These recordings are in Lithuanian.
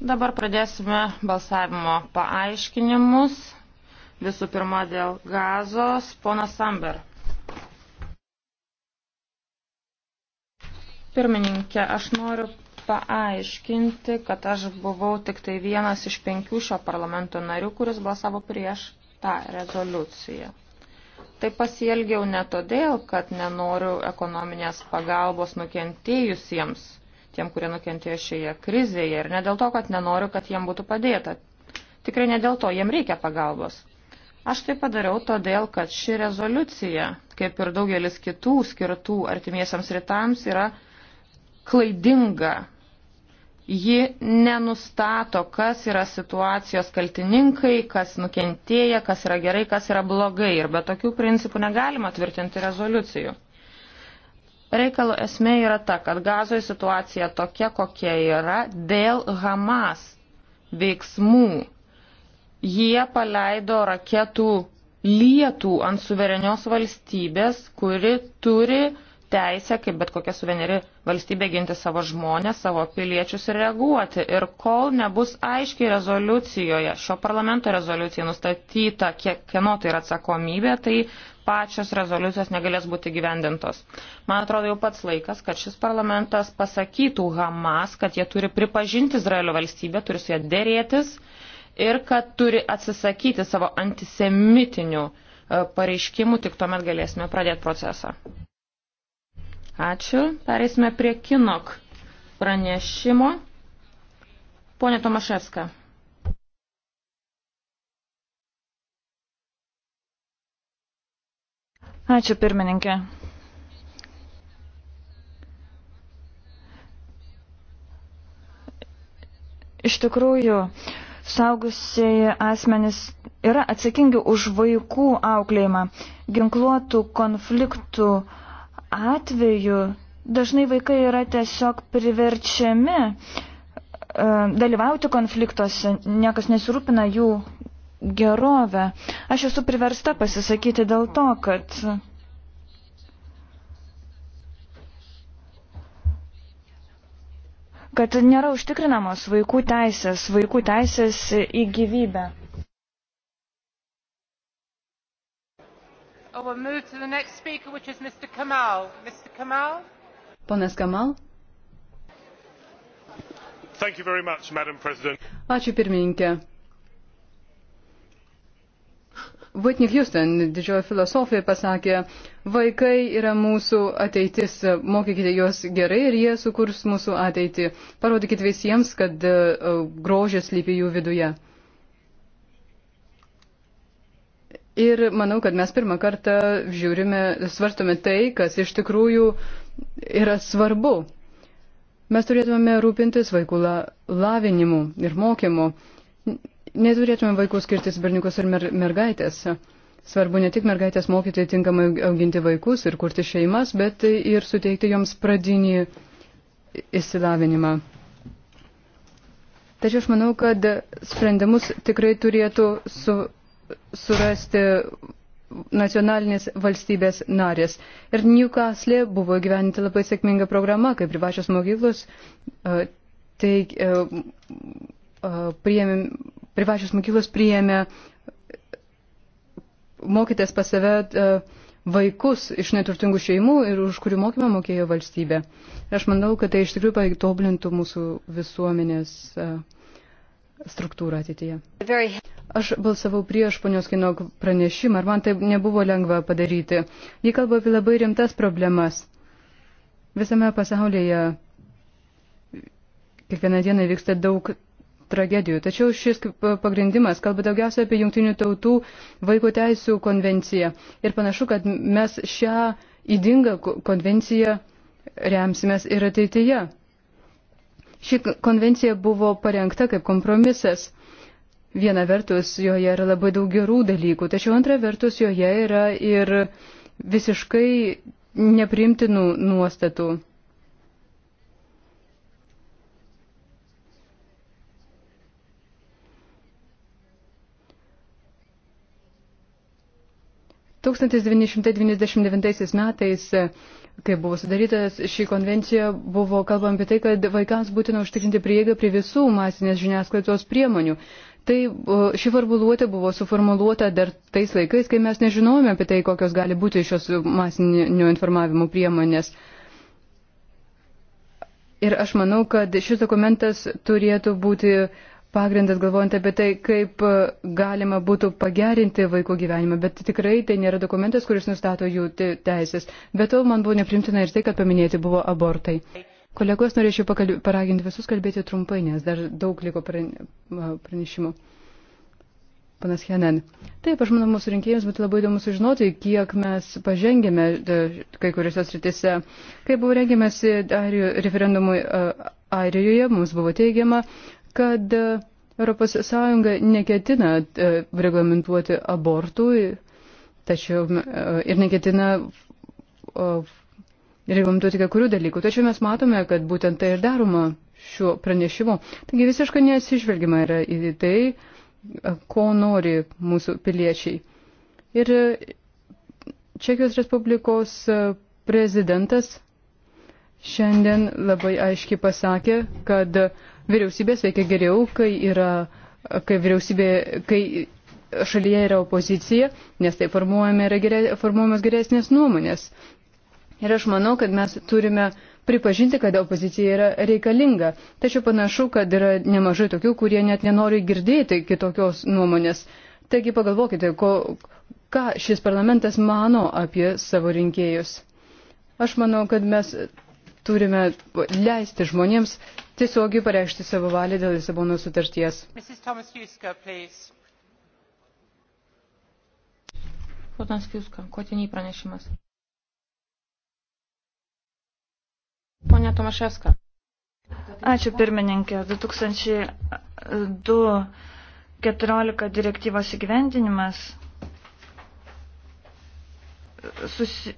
Dabar pradėsime balsavimo paaiškinimus. Visų pirma, dėl gazos. Ponas Samber. Pirmininkė, aš noriu paaiškinti, kad aš buvau tik tai vienas iš penkių šio parlamento narių, kuris balsavo prieš tą rezoliuciją. Tai pasielgiau ne todėl, kad nenoriu ekonominės pagalbos nukentėjusiems tiem, kurie nukentėjo šioje krizėje ir ne dėl to, kad nenoriu, kad jiem būtų padėta. Tikrai ne dėl to, jiem reikia pagalbos. Aš tai padariau todėl, kad ši rezoliucija, kaip ir daugelis kitų skirtų artimiesiams rytams, yra klaidinga. Ji nenustato, kas yra situacijos kaltininkai, kas nukentėja, kas yra gerai, kas yra blogai. Ir be tokių principų negalima tvirtinti rezoliucijų. Reikalo esmė yra ta, kad gazoje situacija tokia, kokia yra dėl Hamas veiksmų. Jie paleido raketų lietų ant suverenios valstybės, kuri turi teisę, kaip bet kokia suveneri valstybė, ginti savo žmonės, savo piliečius ir reaguoti. Ir kol nebus aiškiai rezoliucijoje, šio parlamento rezoliucija nustatyta, kiek, kieno tai yra atsakomybė, tai pačios rezoliucijos negalės būti gyvendintos. Man atrodo jau pats laikas, kad šis parlamentas pasakytų Hamas, kad jie turi pripažinti Izraelio valstybę, turi su ją dėrėtis ir kad turi atsisakyti savo antisemitinių e, pareiškimų, tik tuomet galėsime pradėti procesą. Ačiū. Pereisime prie Kinok pranešimo. Pone Tomaševska. Ačiū pirmininkė. Iš tikrųjų, saugusieji asmenys yra atsakingi už vaikų auklėjimą. Ginkluotų konfliktų uh, atveju dažnai vaikai yra tiesiog priverčiami e, dalyvauti konfliktuose, niekas nesirūpina jų gerovę. Aš esu priversta pasisakyti dėl to, kad kad nėra užtikrinamos vaikų teisės, vaikų teisės į gyvybę. Oh, we'll move to the next speaker, which is Mr. Kamal. Mr. Kamal? Ponas Kamal? Thank you very much, Madam President. Ačiū pirmininkė. Whitney Houston, didžioji filosofija, pasakė, vaikai yra mūsų ateitis, mokykite juos gerai ir jie sukurs mūsų ateitį. Parodykite visiems, kad e, grožės lypi jų viduje. Ir manau, kad mes pirmą kartą žiūrime, svarstome tai, kas iš tikrųjų yra svarbu. Mes turėtume rūpintis vaikų la, lavinimu ir mokymu. Neturėtume vaikų skirtis berniukus ir mer, mergaitės. Svarbu ne tik mergaitės mokyti tinkamai auginti vaikus ir kurti šeimas, bet ir suteikti joms pradinį įsilavinimą. Tačiau aš manau, kad sprendimus tikrai turėtų su, surasti nacionalinės valstybės narės. Ir Newcastle buvo gyventi labai sėkminga programa, kai privačios mokyklos e, teik, e, e, priėmė, privačios mokyklos priėmė mokytės pas save vaikus iš neturtingų šeimų ir už kurių mokymą mokėjo valstybė. Ir aš manau, kad tai iš tikrųjų patobulintų mūsų visuomenės uh, struktūrą ateityje. Aš balsavau prieš ponios kino pranešimą ir man tai nebuvo lengva padaryti. Ji kalba apie labai rimtas problemas. Visame pasaulyje kiekvieną dieną vyksta daug tragedijų. Tačiau šis pagrindimas kalba daugiausia apie Junktinių tautų vaiko teisų konvenciją. Ir panašu, kad mes šią įdingą konvenciją remsimės ir ateityje. Ši konvencija buvo parengta kaip kompromisas. Viena vertus joje yra labai daug gerų dalykų, tačiau antra vertus joje yra ir visiškai neprimtinų nuostatų. Tūkstantis devyni šimtai devyniasdešimt devintaisiais metais kai buvo sudarytas šį konvenciją, buvo kalbama apie tai, kad vaikams būtina užtikrinti prieigą prie visų masinės žiniasklaidos priemonių. Tai ši formuluotė buvo suformuluota dar tais laikais, kai mes nežinojome apie tai, kokios gali būti šios masinio informavimo priemonės. Ir aš manau, kad šis dokumentas turėtų būti uh, pagrindas galvojant apie tai, kaip e, galima būtų pagerinti vaikų gyvenimą, bet tikrai tai nėra dokumentas, kuris nustato jų teisės. Bet to man buvo neprimtina ir tai, kad paminėti buvo abortai. Kolegos, norėčiau pakalb... paraginti visus kalbėti trumpai, nes dar daug liko pranešimų. Panas Henen. Taip, aš manau, mūsų rinkėjams būtų labai įdomu sužinoti, kiek mes pažengėme e, kai kuriuose sritise. Kai buvo rengiamasi referendumui e, Airijoje, mums buvo teigiama, kad ES neketina e, reglamentuoti abortų, tačiau e, ir neketina reglamentuoti kai kurių dalykų. Tačiau mes matome, kad būtent tai ir daroma šiuo pranešimu. Taigi visiškai nesižvelgima yra į tai, e, ko nori mūsų piliečiai. Ir Čekijos Respublikos prezidentas šiandien labai aiškiai pasakė, kad vyriausybės veikia geriau, kai, yra, kai, vyriausybė, kai šalyje yra opozicija, nes tai geria, formuojamos geresnės nuomonės. Ir aš manau, kad mes turime pripažinti, kad opozicija yra reikalinga. Tačiau panašu, kad yra nemažai tokių, kurie net nenori girdėti kitokios nuomonės. Taigi pagalvokite, ko, ką šis parlamentas mano apie savo rinkėjus. Aš manau, kad mes turime leisti žmonėms tiesiogiai pareikšti savo valią dėl Lisabono sutarties. Ponas Kiuska, kotiniai pranešimas. Pone Tomaševska. Ačiū pirmininkė. 2002-14 direktyvos įgyvendinimas susi,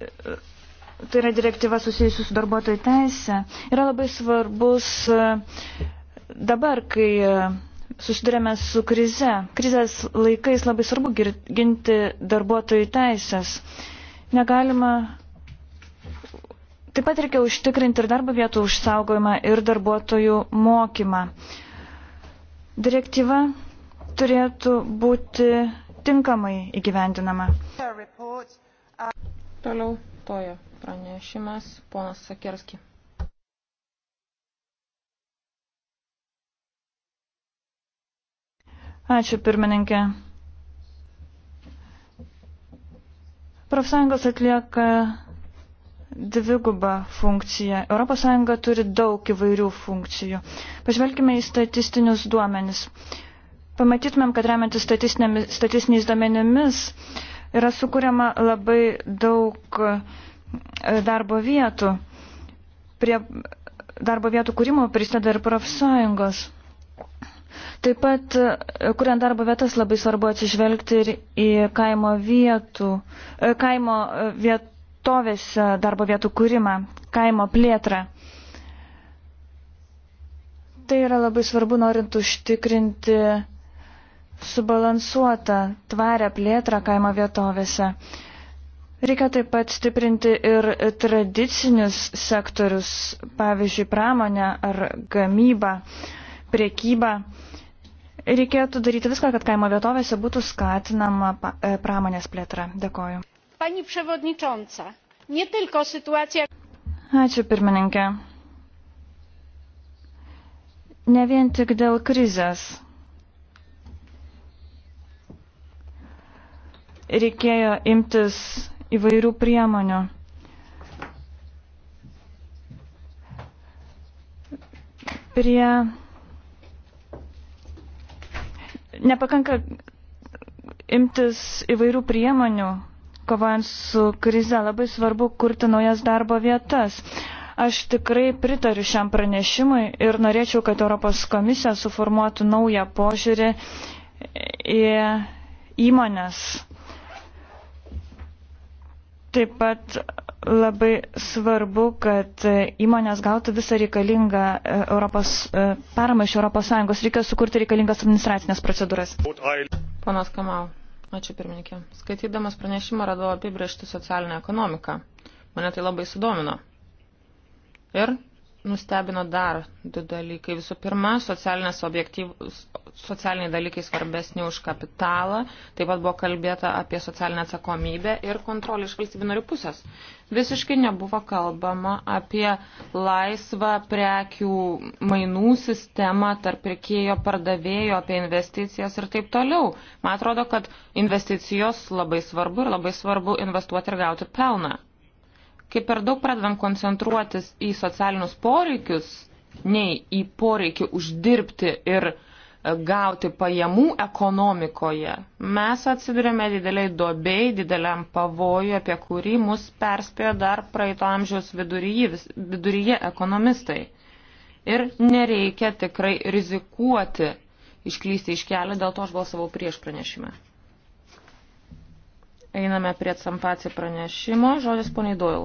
tai yra direktyva susijusi su darbuotojų teisė, yra labai svarbus e, dabar, kai e, susidurėme su krize. Krizės laikais labai svarbu ginti darbuotojų teisės. Negalima. Taip pat reikia užtikrinti ir darbo vietų užsaugojimą ir darbuotojų mokymą. Direktyva turėtų būti tinkamai įgyvendinama. Toliau tojo pranešimas, ponas Sakerski. Ačiū pirmininkė. Profsąjungos atlieka dvigubą funkciją. ES turi daug įvairių funkcijų. Pažvelkime į statistinius duomenis. Pamatytumėm, kad remiantis statistiniais duomenimis yra sukūriama labai daug uh, darbo vietų. Prie darbo vietų kūrimo prisideda ir profsąjungos. Taip pat, e, kuriant darbo vietas, labai svarbu atsižvelgti ir į kaimo vietų, e, kaimo e, vietovėse darbo vietų kūrimą, kaimo plėtrą. Tai yra labai svarbu norint užtikrinti subalansuotą, tvarę plėtrą kaimo vietovėse. Reikia taip pat stiprinti ir tradicinius sektorius, pavyzdžiui, pramonę ar gamybą, priekybą. Reikėtų daryti viską, kad kaimo vietovėse būtų skatinama e, pramonės plėtra. Dėkoju. Pani Przewodnicząca, nie tylko sytuacja. Ačiū pirmininkė. Ne vien tik dėl krizės. Reikėjo imtis įvairių priemonių. Prie nepakanka imtis įvairių priemonių, kovojant su krize, labai svarbu kurti naujas darbo vietas. Aš tikrai pritariu šiam pranešimui ir norėčiau, kad Europos komisija suformuotų naują požiūrį į įmonės Taip pat labai svarbu, kad įmonės gautų visą reikalingą e, Europos, e, paramą iš ES. Reikia sukurti reikalingas administracinės procedūras. Panas Kamau, ačiū pirmininkė. Skaitydamas pranešimą radau apibriežti socialinę ekonomiką. Mane tai labai sudomino. Ir nustebino dar du dalykai. Visų pirma, socialiniai dalykai svarbesni už kapitalą. Taip pat buvo kalbėta apie socialinę atsakomybę ir kontrolį iš valstybių narių pusės. Visiškai nebuvo kalbama apie laisvą prekių mainų sistemą tarp pirkėjo pardavėjo, apie investicijas ir taip toliau. Man atrodo, kad investicijos labai svarbu ir labai svarbu investuoti ir gauti pelną kai per daug pradedam koncentruotis į socialinius poreikius, nei į poreikį uždirbti ir e, gauti pajamų ekonomikoje, mes atsidurėme dideliai dobei, dideliam pavojui, apie kurį mus perspėjo dar praeito amžiaus viduryje, viduryje ekonomistai. Ir nereikia tikrai rizikuoti išklysti iš kelio, dėl to aš balsavau prieš pranešimą. Einame prie Sampaci pranešimo. Žodis poniai Doyle.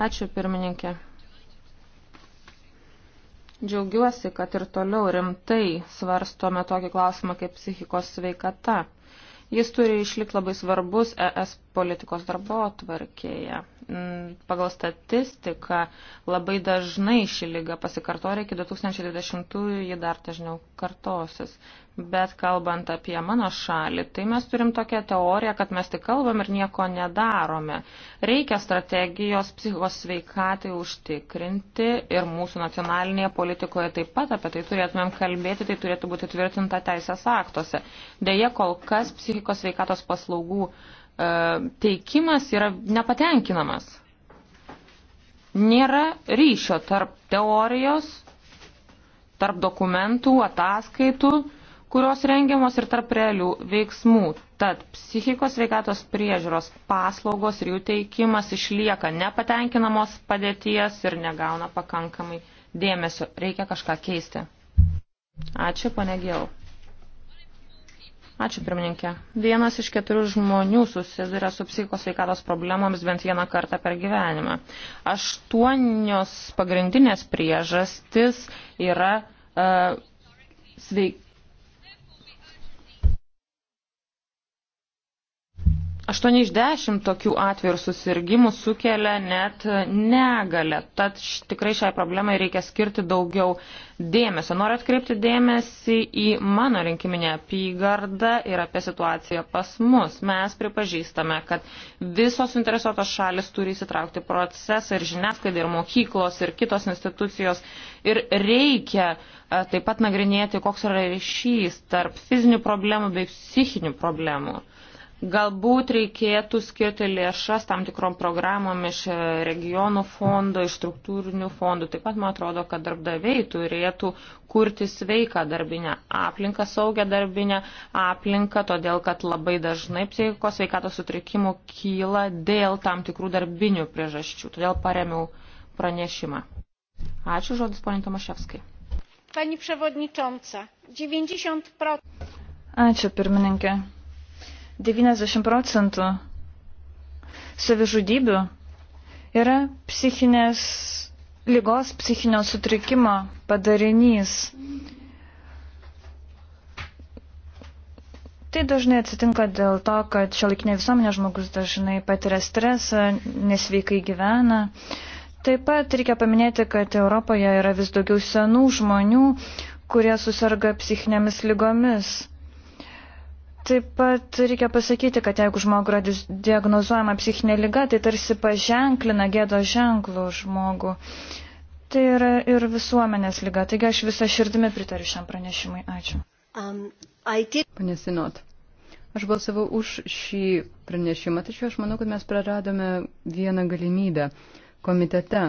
Ačiū pirmininkė. Džiaugiuosi, kad ir toliau rimtai svarstome tokį klausimą kaip psichikos sveikata. Jis turi išlikti labai svarbus ES politikos darbo tvarkėje. Mm, pagal statistiką labai dažnai ši lyga pasikartoja, iki 2020-ųjų ji dar dažniau kartosis. Bet kalbant apie mano šalį, tai mes turim tokią teoriją, kad mes tik kalbam ir nieko nedarome. Reikia strategijos psichos sveikatai užtikrinti ir mūsų nacionalinėje politikoje taip pat apie tai turėtumėm kalbėti, tai turėtų būti tvirtinta teisės aktuose. Deja, kol kas psichikos sveikatos paslaugų e, teikimas yra nepatenkinamas. Nėra ryšio tarp teorijos, tarp dokumentų, ataskaitų, kurios rengiamos ir tarp realių veiksmų. Tad psichikos sveikatos priežiūros paslaugos ir jų teikimas išlieka nepatenkinamos padėties ir negauna pakankamai dėmesio. Reikia kažką keisti. Ačiū, pane Gėl. Ačiū, pirmininkė. Vienas iš keturių žmonių susiduria su psichikos veikatos problemomis bent vieną kartą per gyvenimą. Aštuonios pagrindinės priežastis yra uh, sveik 8 iš 10 tokių atvejų ir susirgymų sukelia net negalę. Tad tikrai šiai problemai reikia skirti daugiau dėmesio. Noriu atkreipti dėmesį į mano rinkiminę apygardą ir apie situaciją pas mus. Mes pripažįstame, kad visos interesuotos šalis turi įsitraukti procesą ir žiniasklaida, ir mokyklos, ir kitos institucijos. Ir reikia e, taip pat nagrinėti, koks yra ryšys tarp fizinių problemų bei psichinių problemų. Galbūt reikėtų skirti lėšas tam tikrom programom iš e, regionų fondo, iš struktūrinių fondų. Taip pat man atrodo, kad darbdaviai turėtų kurti sveiką darbinę aplinką, saugę darbinę aplinką, todėl kad labai dažnai psichikos sveikatos sutrikimų kyla dėl tam tikrų darbinių priežasčių. Todėl paremiau pranešimą. Ačiū žodis, ponė Tomaševskai. Pani Przewodnicząca, 90%. Ačiū pirmininkė. 90 procentų savižudybių yra psichinės lygos, psichinio sutrikimo padarinys. Tai dažnai atsitinka dėl to, kad šiolikinė visuomenė žmogus dažnai patiria stresą, nesveikai gyvena. Taip pat reikia paminėti, kad Europoje yra vis daugiau senų žmonių, kurie susirga psichinėmis lygomis. Taip pat reikia pasakyti, kad jeigu žmogų yra diagnozuojama psichinė lyga, tai tarsi paženklina gėdo ženklų žmogų. Tai yra ir visuomenės lyga. Taigi aš visą širdimi pritariu šiam pranešimui. Ačiū. Um, did... Pane Sinot, aš balsavau už šį pranešimą, tačiau aš manau, kad mes praradome vieną galimybę komitete.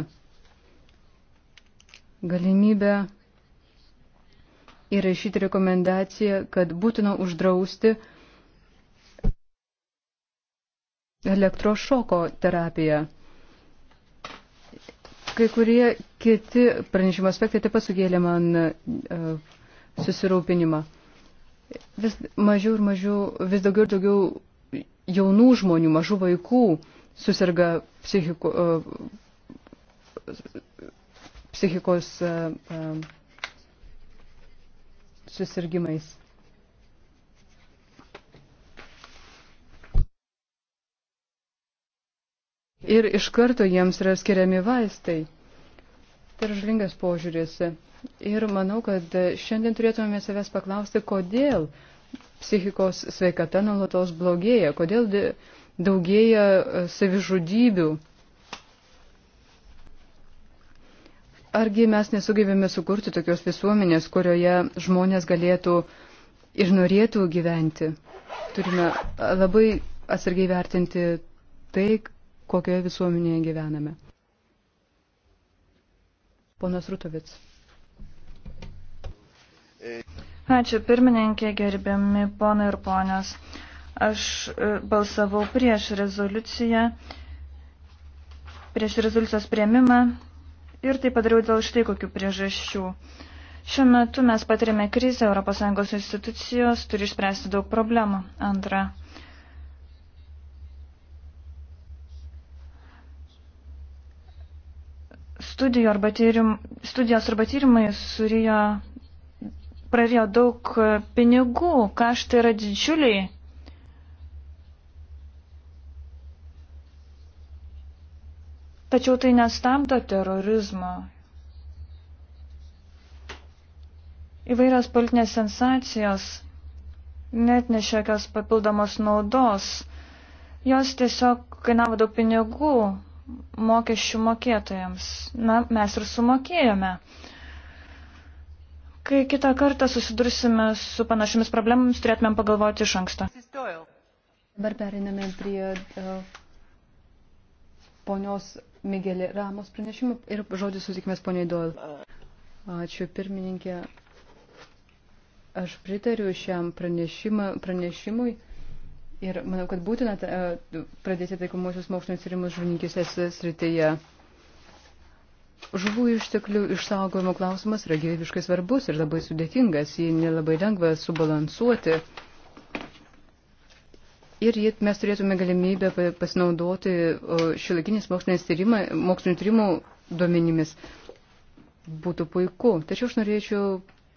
Galimybę įrašyti rekomendaciją, kad būtina uždrausti uh, elektrošoko terapija. Kai kurie kiti pranešimo aspektai taip pat sugėlė man e, susirūpinimą. Vis mažiau ir mažiau, vis daugiau ir daugiau jaunų žmonių, mažų vaikų susirga psichiko, e, psichikos e, susirgymais. ir iš karto jiems yra skiriami vaistai. Tai yra žlingas požiūris. Ir manau, kad šiandien turėtume savęs paklausti, kodėl psichikos sveikata nuolatos blogėja, kodėl daugėja e, savižudybių. Argi mes nesugebėme sukurti tokios visuomenės, kurioje žmonės galėtų ir norėtų gyventi? Turime labai atsargiai vertinti tai, kokioje visuomenėje gyvename. Ponas Rutovic. Ačiū pirmininkė, gerbiami ponai ir ponios. Aš e, balsavau prieš rezoliuciją, prieš rezoliucijos prieimimą ir tai padariau dėl štai kokių priežasčių. Šiuo metu mes patirime krizę, ES institucijos turi išspręsti daug problemų. Antra, studijų arba tyrim, studijos arba tyrimai surijo, prarijo daug e, pinigų, kaštai yra didžiuliai. Tačiau tai nestamdo terorizmo. Įvairios politinės sensacijos net nešiekės papildomos naudos. Jos tiesiog kainavo daug pinigų, mokesčių mokėtojams. Na, mes ir sumokėjome. Kai kitą kartą susidursime su panašiamis problemams, turėtumėm pagalvoti iš anksto. Dabar periname prie uh, ponios Migelė Ramos pranešimų ir žodį sutikmės poniai Doil. Ačiū pirmininkė. Aš pritariu šiam pranešimui Ir manau, kad būtina e, pradėti taikomuosius mokslinius tyrimus žuvininkysės srityje. Žuvų išteklių išsaugojimo klausimas yra gyvybiškai svarbus ir labai sudėtingas, jį nelabai lengva subalansuoti. Ir jį mes turėtume galimybę pasinaudoti šilakinis mokslinio tyrimų duomenimis. Būtų puiku. Tačiau aš norėčiau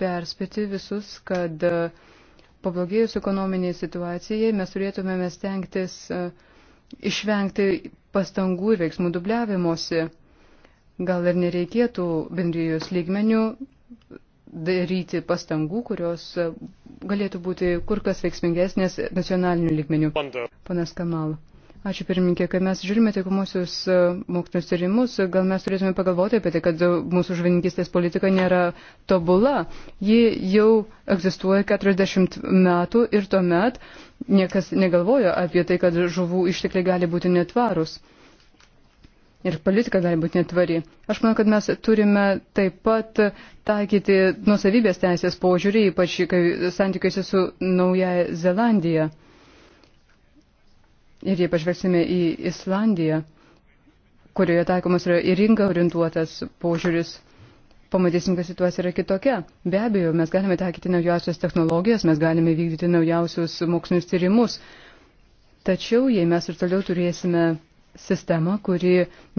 perspėti visus, kad uh, pablogėjus ekonominiai situacijai mes turėtumėme stengtis e, išvengti pastangų ir veiksmų dubliavimuose. Gal ir nereikėtų bendrijos lygmenių daryti pastangų, kurios e, galėtų būti kur kas veiksmingesnės nacionalinių lygmenių. Panas Kamal. Ačiū pirmininkė, kai mes žiūrime taikomusius e, mokslinius tyrimus, gal mes turėtume pagalvoti apie tai, kad mūsų žvininkistės politika nėra tobula. Ji jau egzistuoja 40 metų ir tuomet niekas negalvoja apie tai, kad žuvų ištekliai gali būti netvarus. Ir politika gali būti netvari. Aš manau, kad mes turime taip pat taikyti nusavybės teisės požiūrį, ypač santykiuose su Naujaja Zelandija. Ir jei pažvelgsime į Islandiją, kurioje taikomas yra į rinką orientuotas požiūris, pamatysim, kad situacija yra kitokia. Be abejo, mes galime taikyti naujausias technologijas, mes galime vykdyti naujausius mokslinius tyrimus. Tačiau, jei mes ir toliau turėsime sistemą, kuri,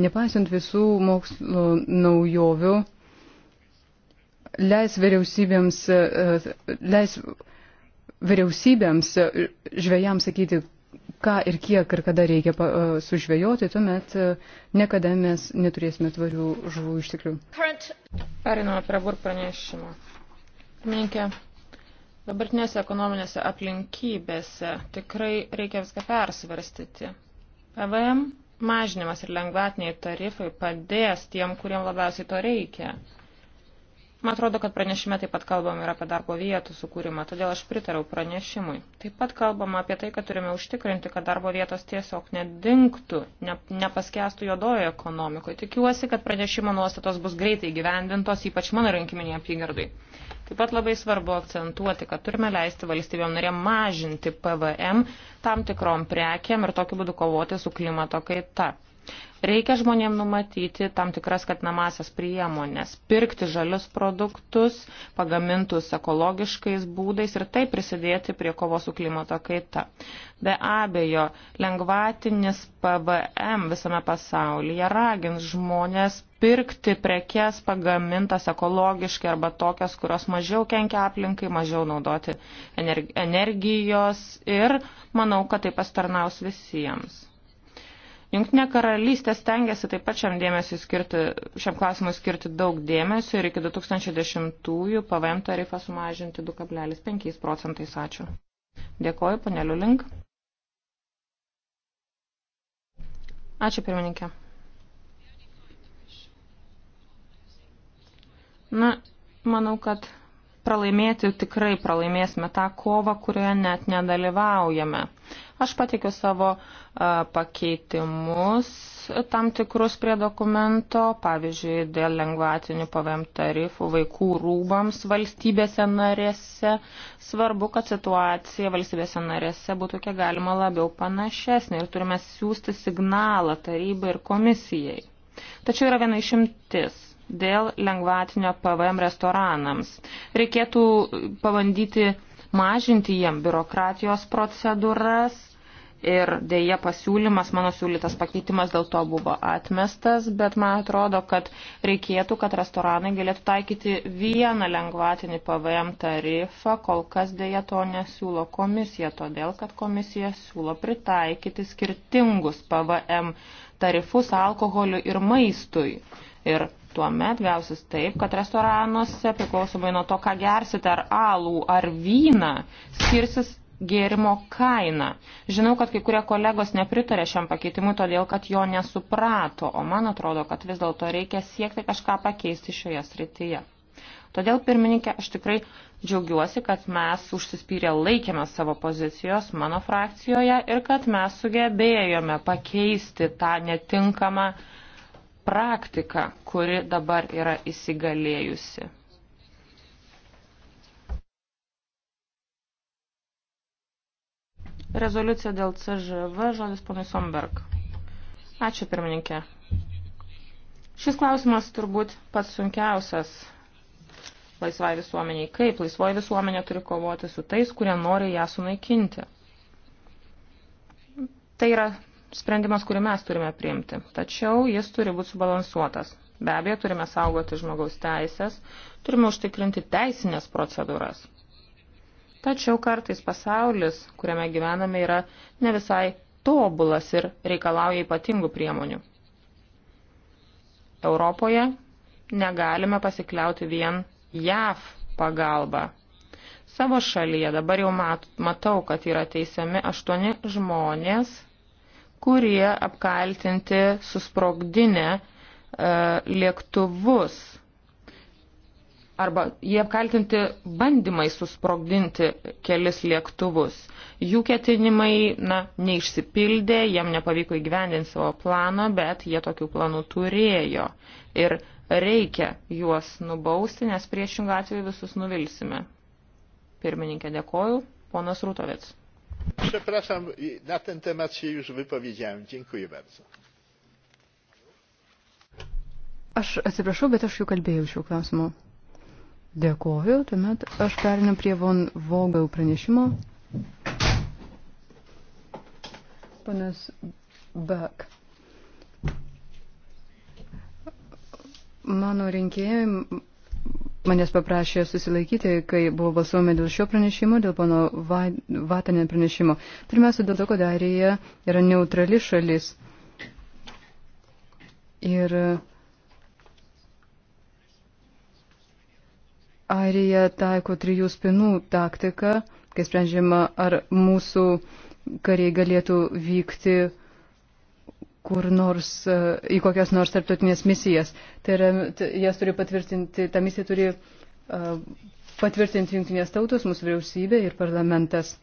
nepaisant visų mokslo naujovių, leis vyriausybėms, e, leis vyriausybėms žvėjams sakyti, ką ir kiek ir kada reikia e, sužvejoti, tuomet e, niekada mes neturėsime tvarių žuvų išteklių. Periname prie bur pranešimo. Minkė, dabartinėse ekonominėse aplinkybėse tikrai reikia viską persvarstyti. PVM mažinimas ir lengvatiniai tarifai padės tiem, kuriem labiausiai to reikia. Man atrodo, kad pranešime taip pat kalbam ir apie darbo vietų sukūrimą, todėl aš pritariau pranešimui. Taip pat kalbam apie tai, kad turime užtikrinti, kad darbo vietos tiesiog nedingtų, ne, nepaskestų jodojo ekonomikoje. Tikiuosi, kad pranešimo nuostatos bus greitai gyvendintos, ypač mano rinkiminėje apygardai. Taip pat labai svarbu akcentuoti, kad turime leisti valstybėm narėm mažinti PVM tam tikrom prekiam ir tokiu būdu kovoti su klimato kaita. Reikia žmonėm numatyti tam tikras skatinamasias priemonės, pirkti žalius produktus, pagamintus ekologiškais būdais ir taip prisidėti prie kovos su klimato kaita. Be abejo, lengvatinis PVM visame pasaulyje ragins žmonės pirkti prekes pagamintas ekologiškai arba tokias, kurios mažiau kenkia aplinkai, mažiau naudoti energijos ir manau, kad tai pastarnaus visiems. Junktinė karalystė stengiasi taip pat šiam, skirti, šiam klausimui skirti daug dėmesio ir iki 2010-ųjų PVM tarifą sumažinti 2,5 procentais. Ačiū. Dėkoju, paneliu link. Ačiū, pirmininkė. Na, manau, kad pralaimėti tikrai pralaimėsime tą kovą, kurioje net nedalyvaujame. Aš pateikiu savo pakeitimus tam tikrus prie dokumento, pavyzdžiui, dėl lengvatinių pavėm tarifų vaikų rūbams valstybėse narėse. Svarbu, kad situacija valstybėse narėse būtų kiek galima labiau panašesnė ir turime siūsti signalą tarybai ir komisijai. Tačiau yra viena išimtis dėl lengvatinio PVM restoranams. Reikėtų pabandyti mažinti jiem biurokratijos procedūras ir dėja pasiūlymas, mano siūlytas pakeitimas dėl to buvo atmestas, bet man atrodo, kad reikėtų, kad restoranai galėtų taikyti vieną lengvatinį PVM tarifą, kol kas dėja to nesiūlo komisija, todėl kad komisija siūlo pritaikyti skirtingus PVM tarifus alkoholiu ir maistui. Ir tuomet gausis taip, kad restoranuose, priklausomai nuo to, ką gersite, ar alų, ar vyną, skirsis gėrimo kaina. Žinau, kad kai kurie kolegos nepritarė šiam pakeitimui, todėl kad jo nesuprato, o man atrodo, kad vis dėlto reikia siekti kažką pakeisti šioje srityje. Todėl, pirmininkė, aš tikrai džiaugiuosi, kad mes užsispyrę laikėme savo pozicijos mano frakcijoje ir kad mes sugebėjome pakeisti tą netinkamą uh, praktika, kuri dabar yra įsigalėjusi. Rezoliucija dėl CŽV, žodis ponai Somberg. Ačiū pirmininkė. Šis klausimas turbūt pats sunkiausias laisvai visuomeniai. Kaip laisvoji visuomenė turi kovoti su tais, kurie nori ją sunaikinti? Tai yra sprendimas, kurį mes turime priimti. Tačiau jis turi būti subalansuotas. Be abejo, turime saugoti žmogaus teisės, turime užtikrinti teisinės procedūras. Tačiau kartais pasaulis, kuriame gyvename, yra ne visai tobulas ir reikalauja ypatingų priemonių. Europoje negalime pasikliauti vien JAV pagalba. Savo šalyje dabar jau matau, kad yra teisiami aštuoni žmonės kurie apkaltinti susprogdinę e, lėktuvus. Arba jie apkaltinti bandymai susprogdinti kelis lėktuvus. Jų ketinimai na, neišsipildė, jiem nepavyko įgyvendinti savo plano, bet jie tokių planų turėjo. Ir reikia juos nubausti, nes priešingą atveju visus nuvilsime. Pirmininkė dėkoju, ponas Rūtovets. Przepraszam, na ten temat się już wypowiedziałem. Dziękuję bardzo. Aš atsiprašau, bet aš jau kalbėjau šiuo klausimu. Dėkuoju, tuomet aš perinu prie Von Vogel pranešimo. Panas Bak. Mano rinkėjai manęs paprašė susilaikyti, kai buvo balsuojama dėl šio pranešimo, dėl pono Vatanen pranešimo. Pirmiausia, dėl to, kad Airija yra neutrali šalis. Ir Airija taiko trijų spinų taktiką, kai sprendžiama, ar mūsų kariai galėtų vykti kur nors, e, į kokias nors tarptautinės misijas. Tai yra, jas turi patvirtinti, tą misiją turi e, patvirtinti jungtinės tautos, mūsų vyriausybė ir parlamentas.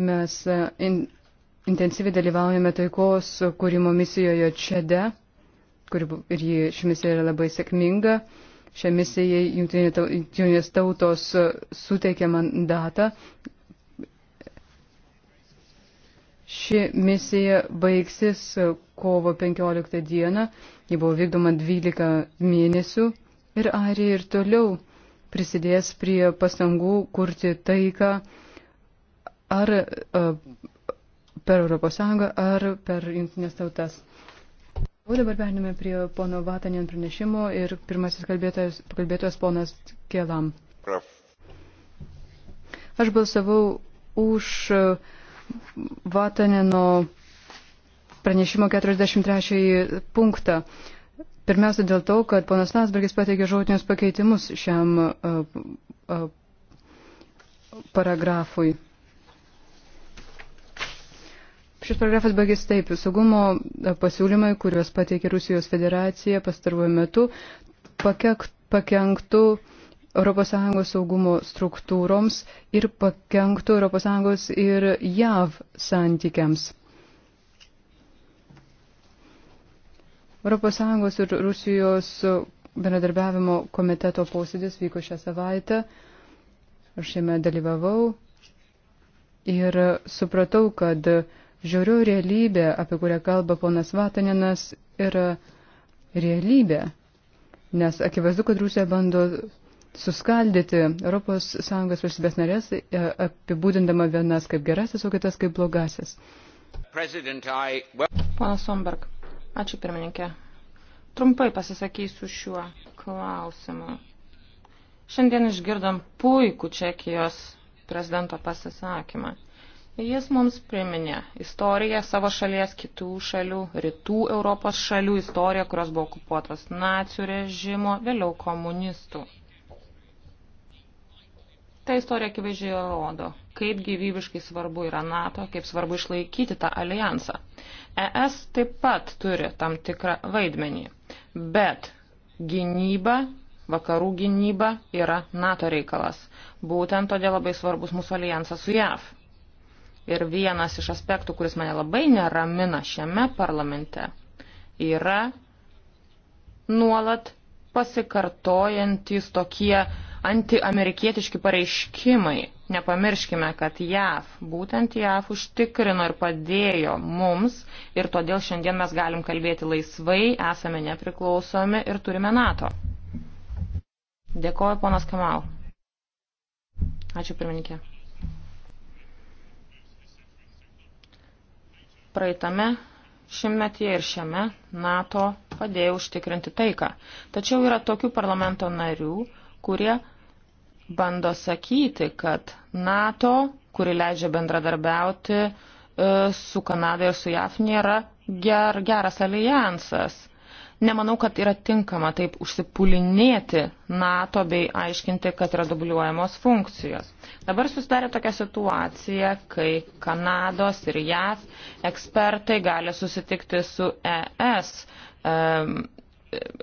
Mes e, in, intensyviai dalyvaujame taikos kūrimo misijoje Čede, kuri ir ji, ši misija yra labai sėkminga. Šią misiją jungtinės tautos suteikė mandatą Ši misija baigsis kovo 15 dieną, ji buvo vykdoma 12 mėnesių ir Airija ir toliau prisidės prie pastangų kurti taiką ar e, per ES ar per jungtinės tautas. O dabar perėmėme prie pono Vatanien pranešimo ir pirmasis kalbėtojas, kalbėtojas ponas Kielam. Aš balsavau už uh, Vatanino pranešimo 43 punktą. Pirmiausia dėl to, kad ponas Landsbergis pateikė žodinius pakeitimus šiam uh, uh, paragrafui. Šis paragrafas baigėsi taip. Saugumo pasiūlymai, kuriuos pateikė Rusijos federacija pastaruoju metu, pakek, pakenktų uh, ES saugumo struktūroms ir pakenktų ES ir JAV santykiams. ES ir Rusijos bendradarbiavimo komiteto posėdis vyko šią savaitę. Aš šiame dalyvavau ir supratau, kad žiūriu realybė, apie kurią kalba ponas Vataninas, yra realybė. Nes akivaizdu, kad Rusija bando suskaldyti ES valstybės narės, e, apibūdindama vienas kaip gerasis, o kitas kaip blogasis. I... Pana Somberg, ačiū pirmininkė. Trumpai pasisakysiu šiuo klausimu. Šiandien išgirdom puikų Čekijos prezidento pasisakymą. Jis mums priminė istoriją savo šalies, kitų šalių, rytų Europos šalių istoriją, kurios buvo okupuotos nacijų režimo, vėliau komunistų. Ta istorija akivaizdžiai rodo, kaip gyvybiškai svarbu yra NATO, kaip svarbu išlaikyti tą alijansą. ES taip pat turi tam tikrą vaidmenį, bet gynyba, vakarų gynyba yra NATO reikalas. Būtent todėl labai svarbus mūsų alijansas su JAV. Ir vienas iš aspektų, kuris mane labai neramina šiame parlamente, yra nuolat pasikartojantys tokie antiamerikietiški pareiškimai. Nepamirškime, kad JAV, būtent JAV užtikrino ir padėjo mums ir todėl šiandien mes galim kalbėti laisvai, esame nepriklausomi ir turime NATO. Dėkoju, ponas Kamau. Ačiū, pirmininkė. Praeitame šimtmetyje ir šiame NATO padėjo užtikrinti taiką. Tačiau yra tokių parlamento narių, kurie bando sakyti, kad NATO, kuri leidžia bendradarbiauti e, su Kanada ir su JAF, nėra ger, geras alijansas. Nemanau, kad yra tinkama taip užsipulinėti NATO bei aiškinti, kad yra dubliuojamos funkcijos. Dabar susidarė tokia situacija, kai Kanados ir JAV ekspertai gali susitikti su ES um,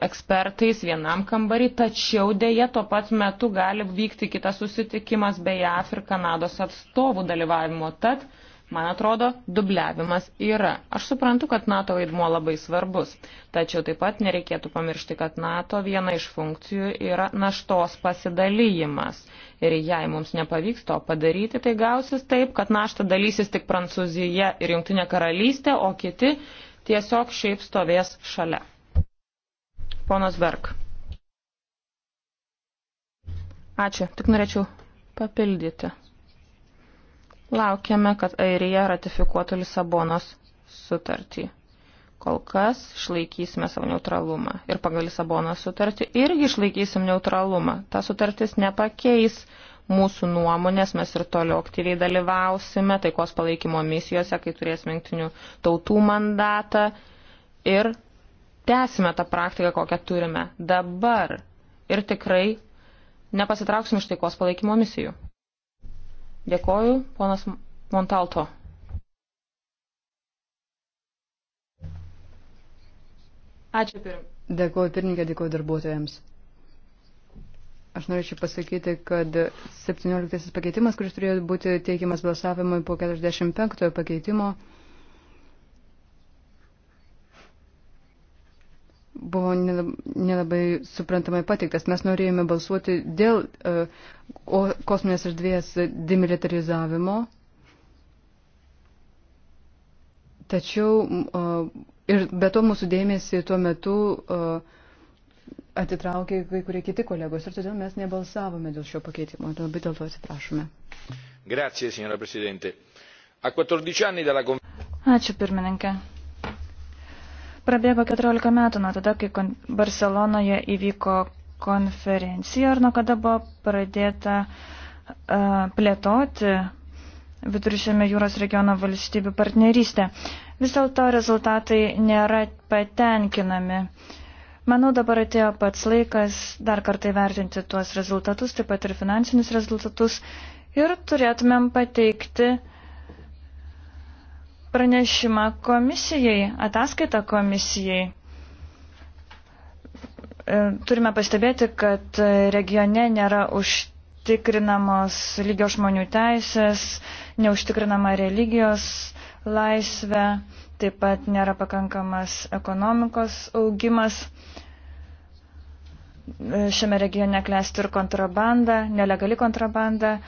ekspertais vienam kambarį, tačiau dėje tuo pat metu gali vykti kitas susitikimas be JAF ir Kanados atstovų dalyvavimo. Tad Man atrodo, dubliavimas yra. Aš suprantu, kad NATO vaidmuo labai svarbus, tačiau taip pat nereikėtų pamiršti, kad NATO viena iš funkcijų yra naštos pasidalyjimas. Ir jei mums nepavyks to padaryti, tai gausis taip, kad naštą dalysis tik Prancūzija ir Junktinė karalystė, o kiti tiesiog šiaip stovės šalia. Ponas Berg. Ačiū, tik norėčiau papildyti. Laukiame, kad Airija ratifikuotų Lisabonos sutartį. Kol kas išlaikysime savo neutralumą ir pagal Lisabonos sutartį irgi išlaikysim neutralumą. Ta sutartis nepakeis mūsų nuomonės, mes ir toliau aktyviai dalyvausime taikos palaikymo misijose, kai turėsime jungtinių tautų mandatą ir tęsime tą praktiką, kokią turime dabar ir tikrai nepasitrauksim iš taikos palaikymo misijų. Dėkoju, ponas Montalto. Ačiū pirmininkai. Dėkuoju pirmininkė, dėkuoju darbuotojams. Aš norėčiau pasakyti, kad 17 pakeitimas, kuris turėjo būti teikiamas balsavimui po 45 pakeitimo, buvo nelabai suprantamai patiktas. Mes norėjome balsuoti dėl uh, kosminės erdvės demilitarizavimo, tačiau uh, ir be to mūsų dėmesį tuo metu uh, atitraukė kai kurie kiti kolegos ir todėl mes nebalsavome dėl šio pakeitimo. Labai dėl to atsiprašome. Grazie, signora Presidente. A 14 anni dalla Ačiū pirmininkė. Prabėgo 14 metų nuo tada, kai Barcelonoje įvyko konferencija ir nuo kada buvo pradėta uh, plėtoti viduršėme jūros regiono valstybių partnerystę. Vis dėlto rezultatai nėra patenkinami. Manau, dabar atėjo pats laikas dar kartai vertinti tuos rezultatus, taip pat ir finansinius rezultatus, ir turėtumėm pateikti uh, pranešimą komisijai, ataskaitą komisijai. E, turime pastebėti, kad regione nėra užtikrinamos lygio žmonių teisės, neužtikrinama religijos laisvė, taip pat nėra pakankamas ekonomikos augimas. E, šiame regione klesti ir kontrabanda, nelegali kontrabanda,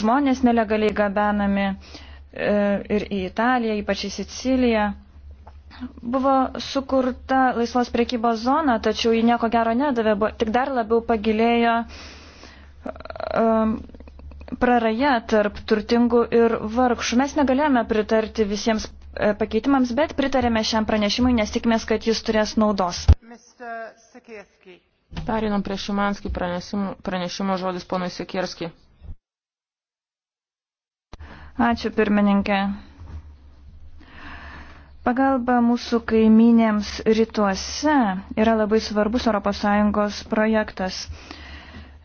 žmonės nelegaliai gabenami E, ir į Italiją, ypač į Siciliją. Buvo sukurta laisvos priekybos zona, tačiau ji nieko gero nedavė, tik dar labiau pagilėjo um, praraja tarp turtingų ir vargšų. Mes negalėjome pritarti visiems e, pakeitimams, bet pritarėme šiam pranešimui, nes tikimės, kad jis turės naudos. Perinam prie Šimanskį pranešimo, pranešimo žodis ponui Sikirskį. Ačiū pirmininkė. Pagalba mūsų kaiminėms rytuose yra labai svarbus ES projektas.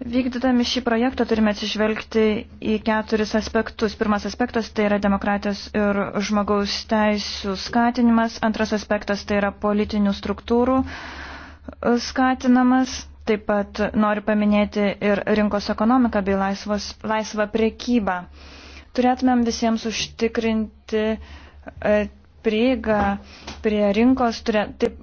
Vykdydami šį projektą turime atsižvelgti į keturis aspektus. Pirmas aspektas tai yra demokratijos ir žmogaus teisų skatinimas. Antras aspektas tai yra politinių struktūrų e, skatinamas. Taip pat noriu paminėti ir rinkos ekonomiką bei laisvos, laisvą priekybą. Turėtumėm visiems užtikrinti e, prieigą prie rinkos, turė, taip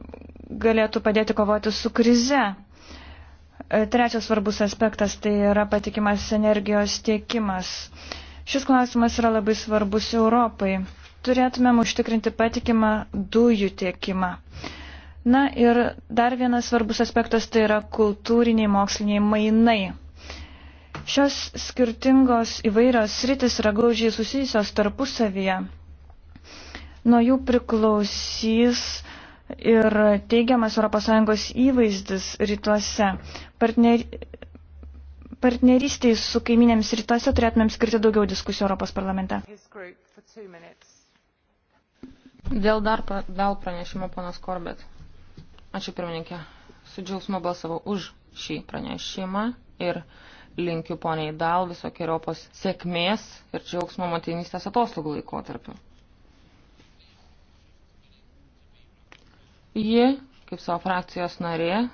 galėtų padėti kovoti su krize. E, trečias svarbus aspektas tai yra patikimas energijos tiekimas. Šis klausimas yra labai svarbus Europai. Turėtumėm užtikrinti patikimą dujų tiekimą. Na ir dar vienas svarbus aspektas tai yra kultūriniai moksliniai mainai. Šios skirtingos įvairios sritis yra gaužiai susijusios tarpusavyje. Nuo jų priklausys ir teigiamas ES įvaizdis rytuose. Partner... Partnerystėj su kaiminėms rytuose turėtumėm skirti daugiau diskusijų Europos parlamente. Dėl dar pra, dėl pranešimo ponas Korbet. Ačiū pirmininkė. Su džiausmu balsavau už šį pranešimą ir linkiu poniai Dal visokiojopos sėkmės ir džiaugsmo motinystės atostogų laikotarpiu. Ji, kaip savo frakcijos narė, e,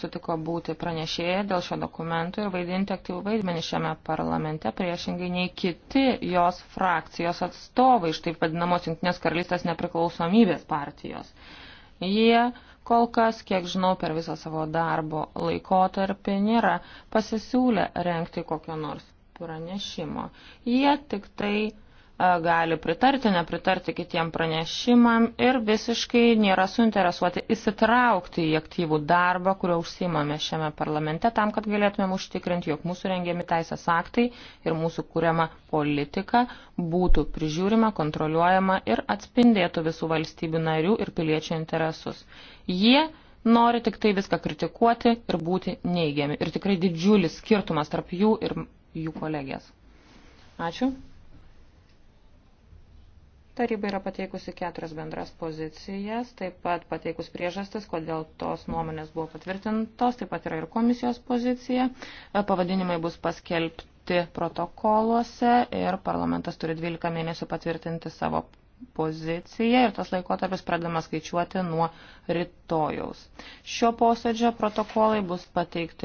sutiko būti pranešėja dėl šio dokumento ir vaidinti aktyvų vaidmenį šiame parlamente priešingai nei kiti jos frakcijos atstovai iš taip vadinamos Junktinės karalystės nepriklausomybės partijos. Jie kol kas, kiek žinau, per visą savo darbo laikotarpį nėra pasisiūlę renkti kokio nors pranešimo. Jie tik tai gali pritarti, nepritarti kitiem pranešimam ir visiškai nėra suinteresuoti įsitraukti į aktyvų darbą, kurio užsimame šiame parlamente, tam, kad galėtumėm užtikrinti, jog mūsų rengiami teisės aktai ir mūsų kuriama politika būtų prižiūrima, kontroliuojama ir atspindėtų visų valstybių narių ir piliečių interesus. Jie nori tik tai viską kritikuoti ir būti neigiami. Ir tikrai didžiulis skirtumas tarp jų ir jų kolegės. Ačiū. Taryba yra pateikusi keturias bendras pozicijas, taip pat pateikus priežastis, kodėl tos nuomonės buvo patvirtintos, taip pat yra ir komisijos pozicija. E, pavadinimai bus paskelbti protokoluose ir parlamentas turi 12 mėnesių patvirtinti savo poziciją ir tas laikotarpis pradama skaičiuoti nuo rytojaus. Šio posėdžio protokolai bus pateikti.